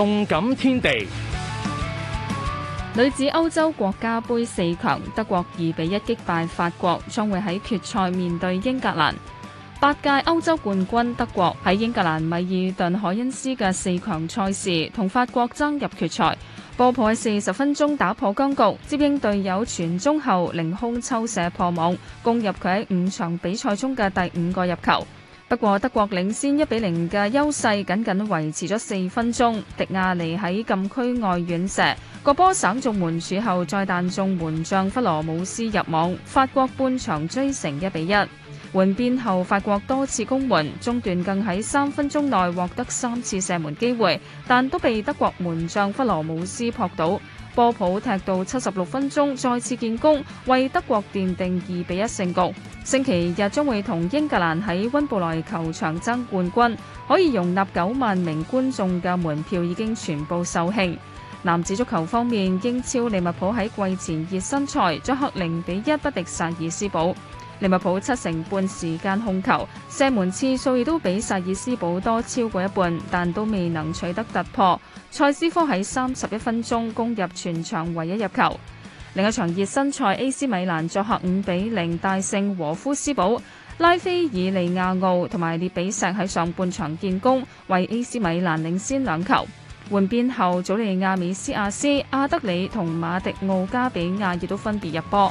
動感天地女子歐洲國家盃四強，德國二比一擊敗法國，將會喺決賽面對英格蘭。八屆歐洲冠軍德國喺英格蘭米爾頓海恩斯嘅四強賽事同法國爭入決賽。波普喺四十分鐘打破僵局，接應隊友傳中後凌空抽射破網，攻入佢喺五場比賽中嘅第五個入球。不過，德國領先一比零嘅優勢，僅僅維持咗四分鐘。迪亞尼喺禁區外遠射，個波省中門柱後，再彈中門將弗，弗羅姆斯入網，法國半場追成一比一。換邊後，法國多次攻門，中段更喺三分鐘內獲得三次射門機會，但都被德國門將弗羅姆斯撲倒。波普踢到七十六分鐘，再次建功，為德國奠定二比一勝局。星期日將會同英格蘭喺溫布萊球場爭冠軍，可以容納九萬名觀眾嘅門票已經全部售罄。男子足球方面，英超利物浦喺季前熱身賽作客零比一不敵薩爾斯堡。利物浦七成半時間控球，射門次數亦都比薩爾斯堡多超過一半，但都未能取得突破。賽斯科喺三十一分鐘攻入全場唯一入球。另一場熱身賽，AC 米蘭作客五比零大勝和夫斯堡，拉菲爾利亞奧同埋列比石喺上半場建功，為 AC 米蘭領先兩球。換邊後，祖利亞美斯亞斯、阿德里同馬迪奧加比亞亦都分別入波。